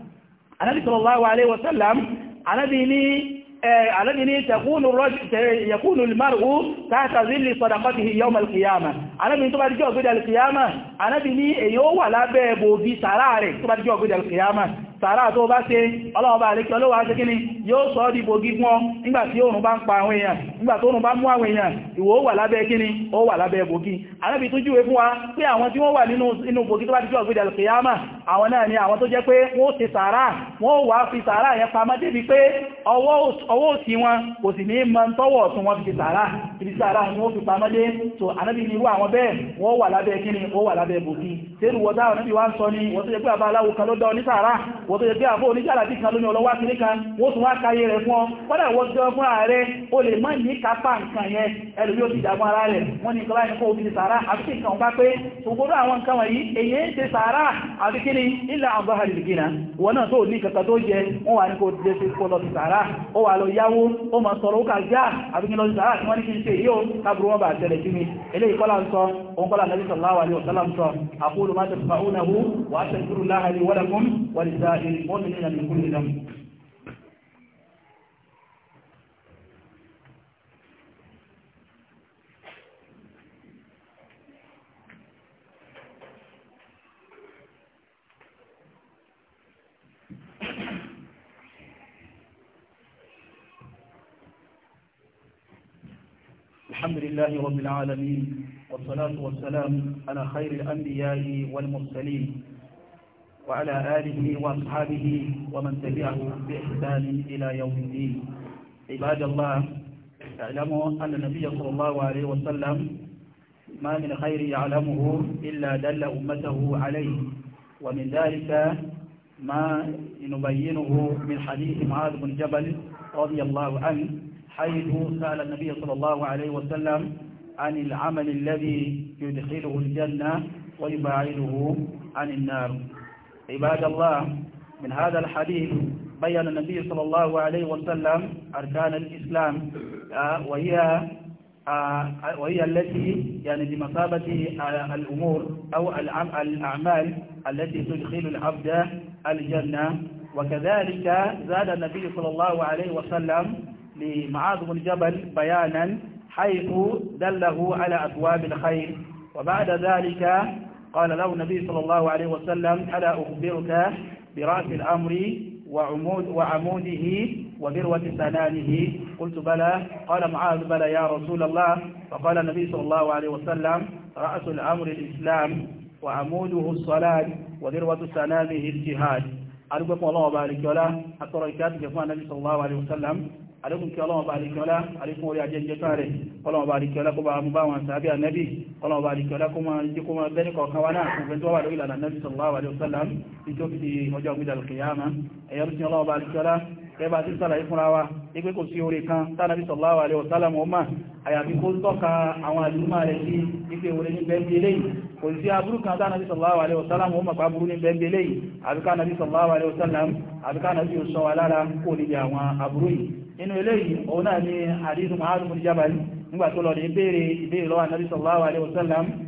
Speaker 1: anábi sallallahu alaihi wasallam anábi ní anábi ní yakunu almar'u tahta zilli sadaqatihi yawm alqiyama anábi tó bá díjọ́ ọ̀gbẹ́dẹ̀ alqiyama anábi ní èyí ó wà lábẹ́ bòbí sàárà rẹ̀ tó bá díjọ́ ọ̀gbẹ́dẹ̀ alqiyama sàárà tó bá ṣe ọlọ́ọ̀bá àlékí ọlọ́wà ṣe kíni yóò sọ ọ́ dìbò gígún ọ nígbàtí oòrùn bá ń pa àwọn èèyàn nígbàtí oòrùn bá mú àwọn èèyàn ìwò wà lábẹ́ kíni ó wà lábẹ́ bògí anábì tó júwe fún wa pé àwọn tí wọ́n wà nínú bògí tó bá ti jọ ọ̀gbẹ́dẹ̀ alkiyama àwọn náà ni àwọn tó jẹ́ pé wọ́n ṣe sàárà wọ́n wà fi sàárà yẹn pamọ́ débi pé ọwọ́ òsì wọn kò sì ní mọ tọ́wọ́ ọ̀tún wọn fi sàárà ibi sàárà ni wọ́n fi pamọ́ dé so anábì ni irú àwọn bẹ́ẹ̀ wọ́n wà lábẹ́ kíni ó wà lábẹ́ bògí tẹ́rù wọ́n dáwọn anábì wá ń sọ ni wọ́n tó jẹ́ pé àbá aláwo kan ló dá ní sàárà wọ́n tó yẹ pé àbó oníjàlá bí kan lómi ọlọ́wà kìí kan wọ́n tún wá káyé rẹ̀ fún ọ kọ́dà wọ́n jọ fún ààrẹ o lè mọ́ ní kápá nǹkan yẹn ẹlùmí ó ti dàgbọ́n ara rẹ̀ wọ́n ní kọlá ẹnikọ́ òfin sàárà àti kí nǹkan bá pé ṣùgbọ́dọ̀ àwọn nǹkan wọ̀nyí èyí ń ṣe sàárà àti kí ni ilẹ̀ àwọn wọ́n náà tó ní kankan tó المؤمنين من كل ذنب الحمد لله رب العالمين والصلاة والسلام على خير الأنبياء والمرسلين وعلى آله وأصحابه ومن تبعه بإحسان إلى يوم الدين عباد الله اعلموا أن النبي صلى الله عليه وسلم ما من خير يعلمه إلا دل أمته عليه ومن ذلك ما نبينه من حديث معاذ بن جبل رضي الله عنه حيث سأل النبي صلى الله عليه وسلم عن العمل الذي يدخله الجنة ويباعده عن النار عباد الله من هذا الحديث بين النبي صلى الله عليه وسلم أركان الإسلام آه، وهي آه، وهي التي يعني بمثابة آه، الأمور أو الأعمال التي تدخل العبد الجنة وكذلك زاد النبي صلى الله عليه وسلم لمعاذ بن جبل بيانا حيث دله على أبواب الخير وبعد ذلك قال له النبي صلى الله عليه وسلم ألا أخبرك برأس الأمر وعمود وعموده وذروة سنانه قلت بلى قال معاذ بلى يا رسول الله فقال النبي صلى الله عليه وسلم رأس الأمر الإسلام وعموده الصلاة وذروة سنانه الجهاد أرجوكم الله وبارك ولا أترى الكاتب النبي صلى الله عليه وسلم àlékún kí ọlọ́wọ́ bá àríkẹ́ọ́lá àlékún orí ajẹ́jẹta rẹ̀ ọlọ́wọ́ bá àríkẹ́ọ́lá kó bá mú bá wọn sàábí ànẹ́bì ọlọ́wọ́ bá àríkẹ́ọ́lá kó máa jẹ́ kó máa bẹ́ẹ̀ni kọ̀ọ̀kan wá náà fún fẹ́ntọ́ wà lórí ìlànà ẹbà tí sàlàyé fúnra wa ipé kò sí orí kan tánàbí sallallahu alaihi wasallam ọmọ àyàfi kó tọ́ka àwọn àlúmà rẹ̀ sí ipé orí ní bẹ́ẹ̀bí eléyìí kò sí aburú kan tánàbí sallallahu alaihi wasallam ọmọ pàbúrú ní bẹ́ẹ̀bí àbíká nàbí sallallahu alaihi wasallam wa lára kó níbi àwọn aburú yìí inú eléyìí òun náà ni àdínú ma'álùmù jábàlì nígbà tó lọ ní ìbéèrè ìbéèrè lọ́wọ́ nàbí sallallahu alaihi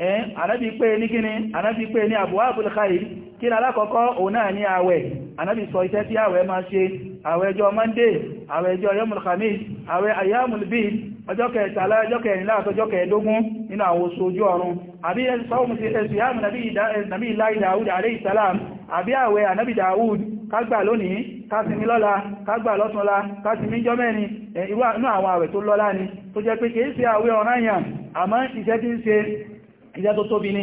Speaker 1: ẹn eh, anábi pé ní kíni anábi pé ní abwaabul khayr kí ní alákọ̀ọ́kọ́ òun náà ní àwẹ̀ anábi sọ iṣẹ́ tí àwẹ̀ máa ṣe àwẹ̀ ọjọ́ monday àwẹ̀ ọjọ́ yomul khamis àwẹ̀ ayyamul bid ọjọ́ kẹtàlá ọjọ́ kẹrìnlá àtọjọ́ kẹẹ̀dógún nínú àwọn oṣù ojú ọ̀run àbí ẹ̀sọ́wọ́mù sí ẹ̀sù yàmù nàbí salam àbí àwẹ̀ ànábì dáwùd kágbà lónìí kásìmí lọ́la kágbà lọ́túnla kásìmí jọ́mẹ́ni irú àwọn àwẹ̀ tó lọ́lá ni tó jẹ́ pé kìí ṣe àwẹ̀ ọ̀ranyàn àmọ́ iṣẹ́ tí ń ṣe ìjẹ́ tó tóbi ní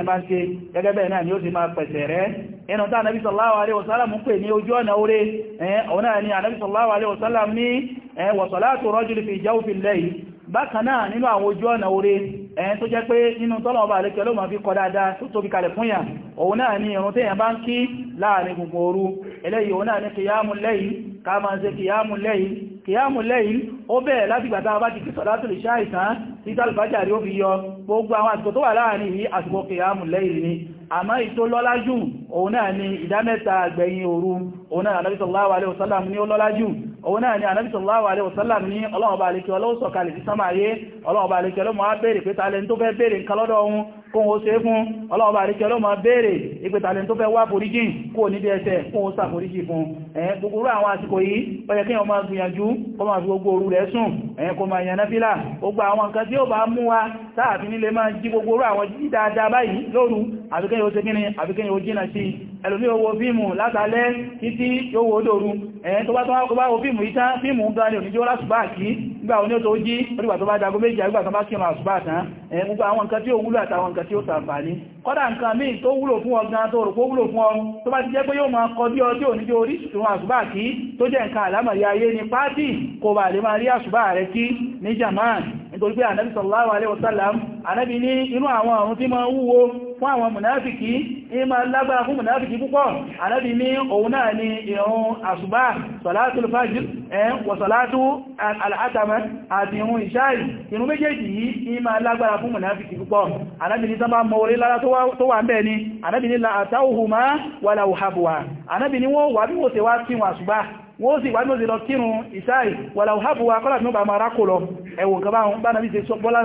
Speaker 1: èèyàn bá ń ṣe gẹ́gẹ́ bẹ́ẹ̀ náà ni ó ti máa pẹ̀sẹ̀ rẹ̀ ẹnu tá ànábì sallallahu pè ní ojú ọ̀nà oore ọ̀nà ni ànábì ní wa salatu rajuli fi jawfi al-layl bákan náà nínú àwọn ojú ọ̀nà oore ẹ̀yìn tó jẹ́ pé nínú tọ́lọ̀ ọba àlékẹ́ ló ma fi kọ ni ìrun tẹ́yàn bá ń kí láàrin gbogbo ni kìyàmù lẹ́yìn ká máa ṣe kìyàmù kìyàmù lẹ́yìn ó bẹ̀rẹ̀ láti gbàtà bá ti kí sọ̀látù lè ṣáà ìtàn tí tàbífàjà rí ó fi yọ gbogbo àwọn àsìkò tó wà láàrin yìí àsìkò kìyàmù lẹ́yìn ni àmọ́ ìtó lọ́lá òun náà ni ìdámẹ́ta àgbẹ̀yìn òru òun náà Ànábì sallallahu alaihi wasallam ní ó lọ́lá jù òun náà ni Ànábì sallallahu alaihi wasallam ní ọlọ́ọ̀bá alẹ́kẹ́ ọlọ́sọ̀kalẹ̀ sí sámà ayé ọlọ́ọ̀bá alẹ́kẹ́ ọlọ́mọ á bèèrè pé talẹ́ tó fẹ́ bèèrè nǹkan lọ́dọ̀ ohun kóhun ó ṣe fún ọlọ́ọ̀bá àríkẹ́ ọlọ́mọ béèrè ìpẹtàlẹ̀ tó fẹ́ wá foríjìn kó ní ẹsẹ̀ kóhun ó sàforíjì fún ẹ̀yẹn gbogbo àwọn àsìkò yìí ó yẹ kí ọmọ gbìyànjú kó máa fi gbogbo òru rẹ̀ sùn ẹ̀yẹn kó máa yànà fílà gbogbo àwọn nǹkan títí yóò wó dòru ẹ̀yẹn tó bá tó bá wo fíìmù ìta fíìmù ń gbá ní oníjó lásùbáà kí nígbà oní ó tó jí onígbà tó bá jago méjì àgbà tó bá kírun àsùbáà tán gbogbo àwọn nǹkan tí ó wúlò àtàwọn nǹkan tí ó ṣàǹfààní kọ́dà nǹkan míì tó wúlò fún ọ gan tó rò pó wúlò fún ọ tó bá ti jẹ́ pé yóò máa kọ bí ọ tí ò ní jẹ́ orí ìṣùn àṣùbà kí tó jẹ́ nǹkan àlámọ̀rí ayé ní pátì kò bà lè máa rí àṣùbà rẹ kí ní jaman nítorí pé ànábì sallallahu alaihi wasallam ànábì ní inú àwọn àrùn tí máa wúwo fún wọ̀sọ̀látú al'atama àti ìrun ìṣáì ìrun méjèèjì yìí ní máa fún mùnáfíkì púpọ̀ anábìnrin tán bá mọ orí lára tó wà ń bẹ̀ ni anábìnrin la àtàwòhùmá wà láwòhàbùwà anábìnrin wọ́n wà bí wọ́n ṣe wá tí wọ́n àṣùgbà wọ́n sì wà ní òsìlọ kírun ìsáì wà láwòhàbùwà kọ́lá tí wọ́n bá mara kò lọ ẹ̀wọ̀n kan báwọn bá nàbí ṣe sọ bọ́lá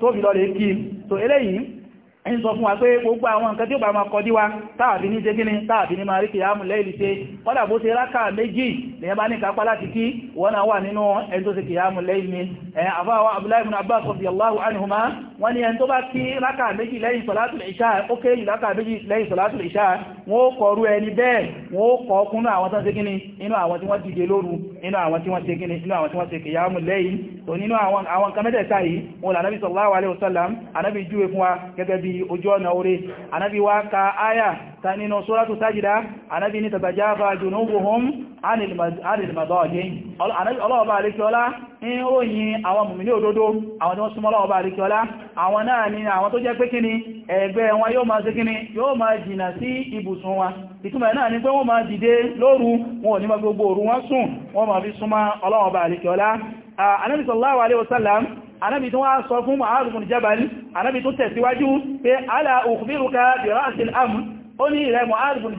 Speaker 1: tó so eléyìí ẹni sọ fún wa pé gbogbo àwọn nǹkan tí ó bá ma kọjú wa táàbí ní ṣe gíní táàbí ní ma rí kìyàmù lẹ́ìlì ṣe kọ́dà bó ṣe rákà méjì lèyàn bá ní kápá láti kí wọ́n náà wà nínú ẹni tó ṣe kìyàmù lẹ́ìlì àfáwà Abdullahi ibn Abbas radiyallahu anhuma wọ́n ní ẹni tó bá kí rákà méjì lẹ́yìn sọ̀látùl ìṣà ó kéré jù rákà méjì lẹ́yìn sọ̀látùl ìṣà wọ́n ó kọrú ẹni bẹ́ẹ̀ wọ́n ó kọ kúnnú àwọn tán ṣe gíní inú àwọn tí wọ́n dìde lóru inú àwọn tí wọ́n ṣe gíní inú àwọn tí wọ́n ṣe kìyàmù lẹ́yìn tó nínú àwọn nǹkan mẹ́tẹ̀ẹ̀ta yìí wọn lànàbí sallallahu alaihi wasallam ànàbí júwe fún wa gẹ́gẹ́ bí lórí ojú ọ̀nà orí anábi wá ka áyà ta nínú suratu sajida anábi ní tatajafa junubuhum anil madaji náà ni àwọn tó jẹ́ pé kíni ẹgbẹ́ wọn yóò máa ṣe kíni yóò ni pé wọ́n máa dìde lóru wọn ò ní máa gbogbo òru wọn sùn wọ́n máa fi súnmọ́ ọlọ́ọ̀bá alékiọlá anábi sallallahu alaihi wasallam anábi tó wá sọ fún Mu'adh ibn Jabal anábi tó tẹ̀síwájú pé ala ukhbiruka bi ra'sil amr ó ní ilẹ̀ Mu'adh ibn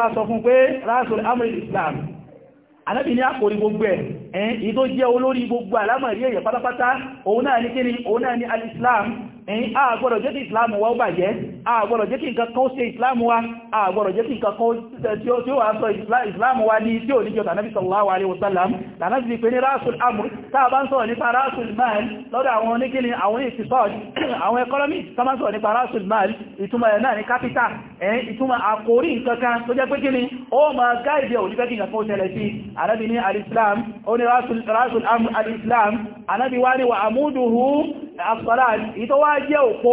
Speaker 1: wá sọ fún pé rásul amri islam anábì ní àkòrí gbogbo ẹ̀ ẹ̀yìn tó jẹ́ olórí gbogbo alámọ̀rí èyẹ pátápátá òun náà ní kíni òun náà ní al-islam ẹ̀yìn àgbọ̀rọ̀ jẹ́ kí ìsìláàmù wa ó bàjẹ́ àgbọ̀rọ̀ jẹ́ kí nǹkan kan ṣe ìsìláàmù wa àgbọ̀rọ̀ jẹ́ kí nǹkan kan tí ó wà sọ ìsìláàmù wa ní tí ò ní jọ tànàbí sallallahu alaihi wasallam tànàbí ti pé ní rásul amr tàà bá ń sọ̀rọ̀ nípa rásul mal lọ́dọ̀ àwọn oníkíni àwọn ìfisọ́ọ̀dì (clears throat) àwọn ẹkọ́nọ́mì tàà bá ń sọ̀rọ̀ nípa rásul mal ìtumọ̀ ẹ̀ náà ní kápítà ẹ̀yìn ìtumọ̀ àkórí nǹkan kan tó jẹ́ àṣọ́lá ìtọ́ wá jẹ́ òpó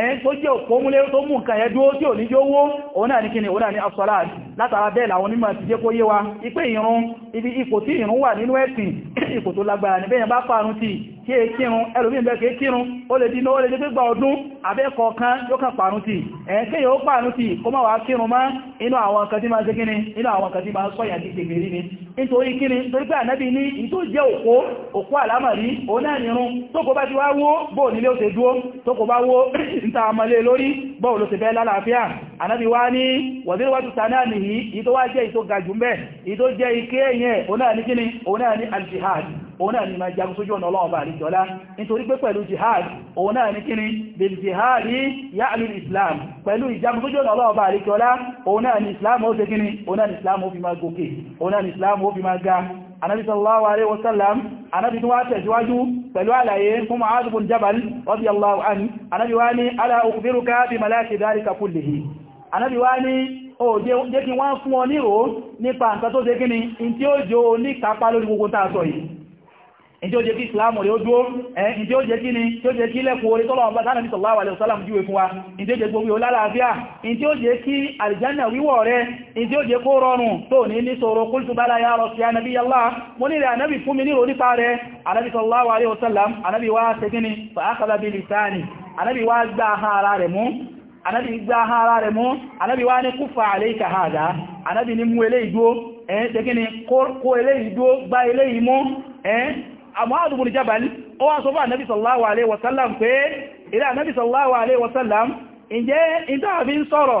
Speaker 1: ẹ̀yìn tó jẹ́ òpó múlé tó mú nǹkan ẹ̀dú tí ò ní jẹ́ owó òun náà ní kíni òun náà ní àṣọ́lá látara bẹ́ẹ̀ làwọn onímọ̀ ti jẹ́ kó yé wa ipé ìrun ibi ipò tí ìrun wà nínú ẹ̀sìn ipò tó lágbára ní bẹ́yẹn bá fàánú ti kí è kírun ẹlòmí ìbẹ̀ kí è kírun ó lè dínú ó lè dé gbígbà ọdún abẹ́kọ̀ kan yóò kàn pàánú tí ẹ̀ kí yóò pàánú tí kó máa wá kírun má inú àwọn nǹkan tí máa ṣe kíni inú àwọn nǹkan tí máa sọ́yà ti gbègbè rí ni nítorí kíni torí pé ànábì ní ìtó jẹ́ òkó òkó àlámàrí òun náà nírun tó kò bá ti wá wó bó nílé ó ṣe dúó tó kò bá wó níta (clears throat) àmọ́lé lórí bó ló ṣe bẹ́ lálàáfíà ànábì wá ní wọ̀díríwájú sanáà nìyí ìtó wá jẹ́ ìtó gajù mẹ́ ìtó jẹ́ ike ẹ̀yẹn òun náà ní kíni òun náà ni máa jagun sójú ọ̀nà ọlọ́run bá àríjọlá nítorí pé pẹ̀lú jihad òun náà ni kíni bil jihad yá alìl islam pẹ̀lú ìjagun sójú ọ̀nà ọlọ́run bá àríjọlá òun náà ni islam ó ṣe kíni òun náà ni islam ó fi máa gòkè òun náà ni islam ó fi máa ga anabi sallallahu alaihi wasallam anabi tún wá tẹ̀síwájú pẹ̀lú àlàyé fún Mu'adh bin Jabal radiyallahu anhu anabi wá ní ala ukhbiruka bi malaki dhalika kullihi anabi wá ní ó jẹ́ wọ́n fún ọ níro nípa nǹkan tó ṣe in tí ó jẹ́ oníkàpá lórí gbogbo tààtọ̀ yìí ìdí ó jẹ́ kí ìsìláàmù rẹ̀ ó dúó ìdí ó jẹ́ kí ni tí ó jẹ́ kí lẹ́kùn orí tọ́lọ̀ ọba tánàbí sallallahu alaihi wasallam júwe fún wa ìdí ó jẹ́ gbogbo olálàáfíà ìdí ó jẹ́ kí aljanna wíwọ̀ rẹ̀ ìdí ó jẹ́ kó rọrùn tó ní ní sọ̀rọ̀ qultu bala ya rasul ya nabi allah mo ní rẹ̀ anábì fún mi ní ronípa rẹ̀ anábì sallallahu alaihi wasallam anábì wá kó eléyìí dúó gbá eléyìí mú ẹ̀ẹ́ Mu'adh ibn Jabal ó wá sọ fún Ànábì sallallahu alaihi wasallam pé ilé Ànábì sallallahu alaihi wasallam ǹjẹ́ ìdáàbí ń sọ̀rọ̀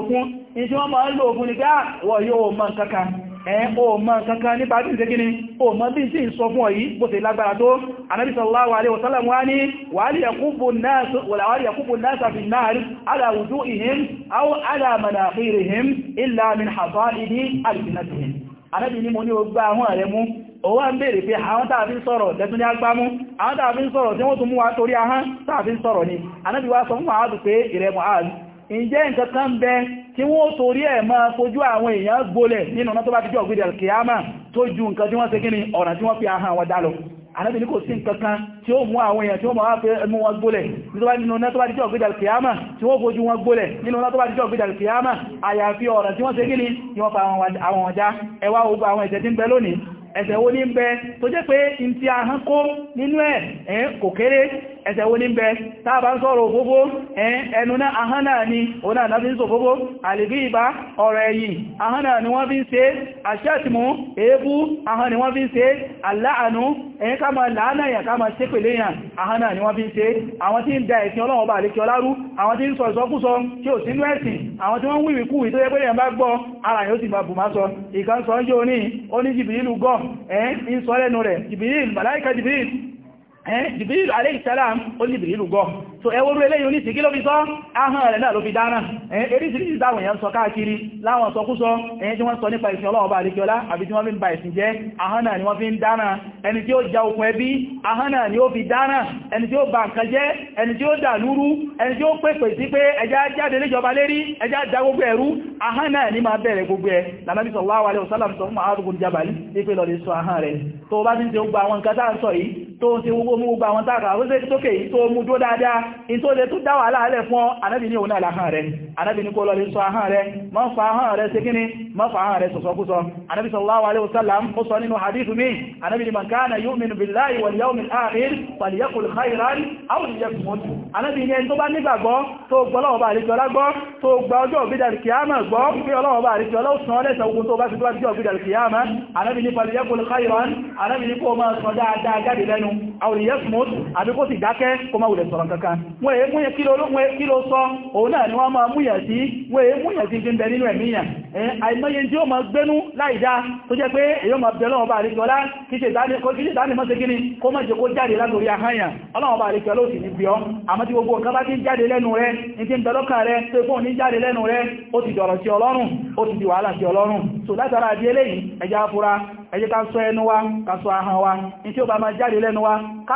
Speaker 1: fún ní tí wọ́n máa ń lò fún ní pé àwọ̀ ah, yóò mọ̀ kankan ẹ̀yìn o mọ̀ kankan nípa bí i ṣe gíní o mọ̀ bí i sí sọ fún ọ̀yí bó ṣe lágbára tó Ànábì sallallahu alaihi wasallam wá ní wàhálì yàkúbù náà fi náà ala wudu'ihim aw ala manaqirihim illa min hasa'idi alfinatihim Ànábì ní mo ní ó gbá àwọn ààrẹ mú ó wá ń bèèrè pé àwọn tààfin sọ̀rọ̀ lẹ́tún ní agbámú àwọn tààfin sọ̀rọ̀ tí wọ́n tún mú wa torí ahán tààfin sọ̀rọ̀ ni Ànábì sọ fún àádù pé ìrẹ̀mọ̀ ǹjẹ́ nǹkan kan ń bẹ tí wọ́n torí ẹ̀ máa fojú àwọn èèyàn gbolẹ̀ nínú ọ̀nà tó bá ti jọ ògbèdè kìyàmá tó ju nǹkan tí wọ́n ṣe kíni ọ̀nà tí wọ́n fi ahọ́n wọn dá lọ ànábì ní kò sí nǹkan kan tí ó mú àwọn èèyàn tí ó máa fẹ́ mú wọn gbólẹ̀ nínú ọ̀nà tó bá díjọ́ ògbéjà kìyàmá tí wọ́n fojú wọn gbólẹ̀ nínú ọ̀nà tó bá díjọ́ ògbéjà kìyàmá àyàfi ọ̀rọ̀ tí wọ́n ṣe gíní ni wọ́n fa àwọn ọjà ẹwà ogun àwọn ẹ̀jẹ̀ tí ń bẹ lónìí ẹ̀ṣẹ̀ wo ní ń bẹ tó jẹ́ pé in ti ahán kó nínú ẹ̀ kò kéré ẹ̀ṣẹ̀ wo ní bẹ tàbá ń sọ̀rọ̀ òfófó ẹnu náà ahán náà ni òun náà fi ń sọ òfófó àlèbí ìbá ọ̀rọ̀ ẹ̀yìn ahán ni wọ́n fi ń ṣe àṣẹ́tìmú èébú ahán ni wọ́n fi ń ṣe aláàánú ẹ̀yìn ká máa láánà yàn ká ni wọ́n fi ń ṣe àwọn tí ń da ẹ̀sìn Ọlọ́run ọba àlékí ọlárú àwọn tí ń sọ ìsọkúsọ tí ò sínú ẹ̀sìn àwọn tí wọ́n ń wíwí kúwì tó yẹ pé yẹn bá jìbìrìlù aléìsẹ́lám ó ní ìbìrìlù gọ́ so ẹwọ́rú eléyìn oníṣì kí ló fi sọ ahọ́n rẹ̀ náà ló fi dáná eríṣìíríṣìí táwọn èèyàn sọ káàkiri láwọn sọkúsọ ẹni tí wọ́n sọ nípa ìsìn ọlọ́ọ̀bá àríkíọlá àbí tí wọ́n fi ń ba ìsìn jẹ́ ahọ́n náà ni wọ́n fi ń dáná ẹni tí ó ja okùn ẹbí ahọ́n náà ni ó fi dáná ẹni tí ó ba nǹkan jẹ́ ẹni tí ó dà lúrú ẹni tí ó pèpè sí pé ẹjá jáde níjọba lérí ẹjá da gbogbo ẹ̀rú ahọ́n náà ni máa bẹ̀rẹ̀ gbogbo ẹ̀ lànàbí sallallahu alaihi wasallam sọ fún àárùkùn jabal ní pé lọ lè sọ ahọ́n rẹ̀ tó bá ti ń ṣe gbogbo àwọn nǹkan tá tó ń ṣe gbogbo mú gbogbo àwọn tààrà ó sẹ́kì tókè yìí tó mú dó dáadáa in tó lè tó dá wàhálà alẹ́ fún anábì ní òun àlàhàn rẹ̀ anábì ní kó lọ lè sọ ahán rẹ̀ má fa ahán rẹ̀ sí kíní má fa ahán rẹ̀ sọ̀sọ̀kúsọ anábì sallallahu alaihi wasallam ó sọ nínú hadithu mi anábì ní man kana yu'minu billahi wal yawmil akhir falyaqul khayran aw liyasmut anábì ní ẹni tó bá nígbàgbọ́ tó gbọ́ lọ́wọ́ bá àríkẹ́ ọlágbọ́ tó gba ọjọ́ òbídàrí kìíyàmà gbọ́ pé ọlọ́wọ́ bá àríkẹ́ ọlọ́sàn ọlẹ́sàn ogun tó bá fi tó bá jẹ́ òbídàrí kìíyàmà anábì ní falyaqul khayran anábì ní kó máa sọ dáadáa jáde lẹ́nu lẹ́nu àwòrìyẹ́ smooth àbí kó sì dákẹ́ kó má wùlẹ̀ sọ̀rọ̀ kankan wọ́n èé múyẹ̀ kí ló sọ òun náà ni wọ́n máa múyẹ̀ sí wọ́n èé múyẹ̀ sí jíndẹ nínú ẹ̀míyàn àìmọye tí ó máa gbénú láìdá tó jẹ́ pé èyí máa bẹ̀rẹ̀ ọba àríkọlá kí ṣe ìdánimọ́sẹ̀ gíní kó mọ́ jẹ́ kó jáde látorí ahányàn ọlọ́run ọba àríkọlá òsì ní bí ọ́ àmọ́ tí gbogbo nǹkan bá ti jáde lẹ́nu rẹ̀ ní tí ń bẹ̀lọ́kà rẹ̀ tó fún ní jáde lẹ́nu rẹ̀ ó ti dọ̀rọ̀ sí ọlọ́run ó ti di wàhálà sí ọlọ́run so látara di eléyìí ẹja fura ẹ jẹ́ ká sọ ẹnu wa ká sọ ahọ́n wa ní tí ó bá máa jáde lẹ́nu wa ká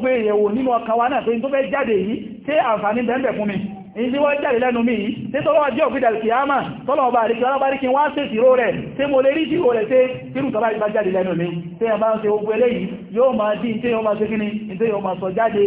Speaker 1: gbé ìyẹ̀wò nínú ọkàn wa náà tó fẹ́ jáde yìí tí àǹfààní bẹ́ẹ̀ fún mi ìdí wọ́n jáde lẹ́nu mi tí tọ́lọ́ ọjọ́ ògbìdà kìyàmà tọ́lọ̀ ọba àríkì alábáríkì wọ́n ṣe ìró rẹ̀ tí mo lè rí ìró rẹ̀ tí irú tọ́lá ìbá jáde lẹ́nu mi tí ẹ bá ń ṣe ogun eléyìí yóò máa dí ìtẹ́ yóò máa ṣe kíní ìtẹ́ yóò máa sọ jáde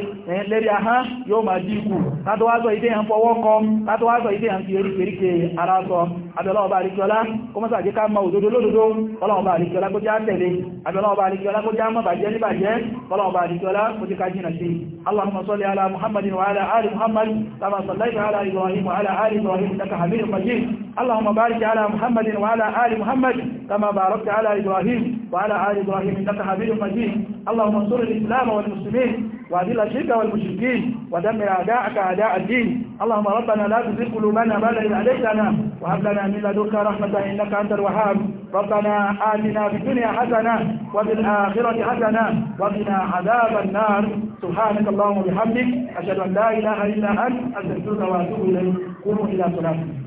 Speaker 1: lẹ́rí ahán yóò máa dí ikú látọwázọ ìtẹ́ yàn fọwọ́ kọ látọwázọ ìtẹ́ yàn fi eríkèríkè ara sọ abẹ́lá ọba àríkíọlá kó mọ́sà jẹ́ ká ma òdodo lódodo ọlọ́run ọba àríkíọlá kó já tẹ̀lé abẹ́lá ọba àríkíọlá kó já mọ́ bàjẹ́ ní bàjẹ́ ọlọ́run ọba àríkíọlá kó jẹ́ ká jìnà sí allahumma salli ala muhammadin wa ala ali muhammad kama sallaita بارك على إبراهيم وعلى آل إبراهيم إنك حميد مجيد اللهم بارك على محمد وعلى آل محمد كما باركت على إبراهيم وعلى آل إبراهيم إنك حميد مجيد اللهم انصر الإسلام والمسلمين وأذل الشرك والمشركين ودمر أعداءك أعداء الدين اللهم ربنا لا تزغ قلوبنا بعد إذ هديتنا وهب لنا من لدنك رحمة إنك أنت الوهاب ربنا آتنا في الدنيا حسنة وفي الآخرة حسنة وقنا عذاب النار سبحانك اللهم وبحمدك أشهد أن لا إله إلا أنت أستغفرك وأتوب إليك قوموا إلى صلاتكم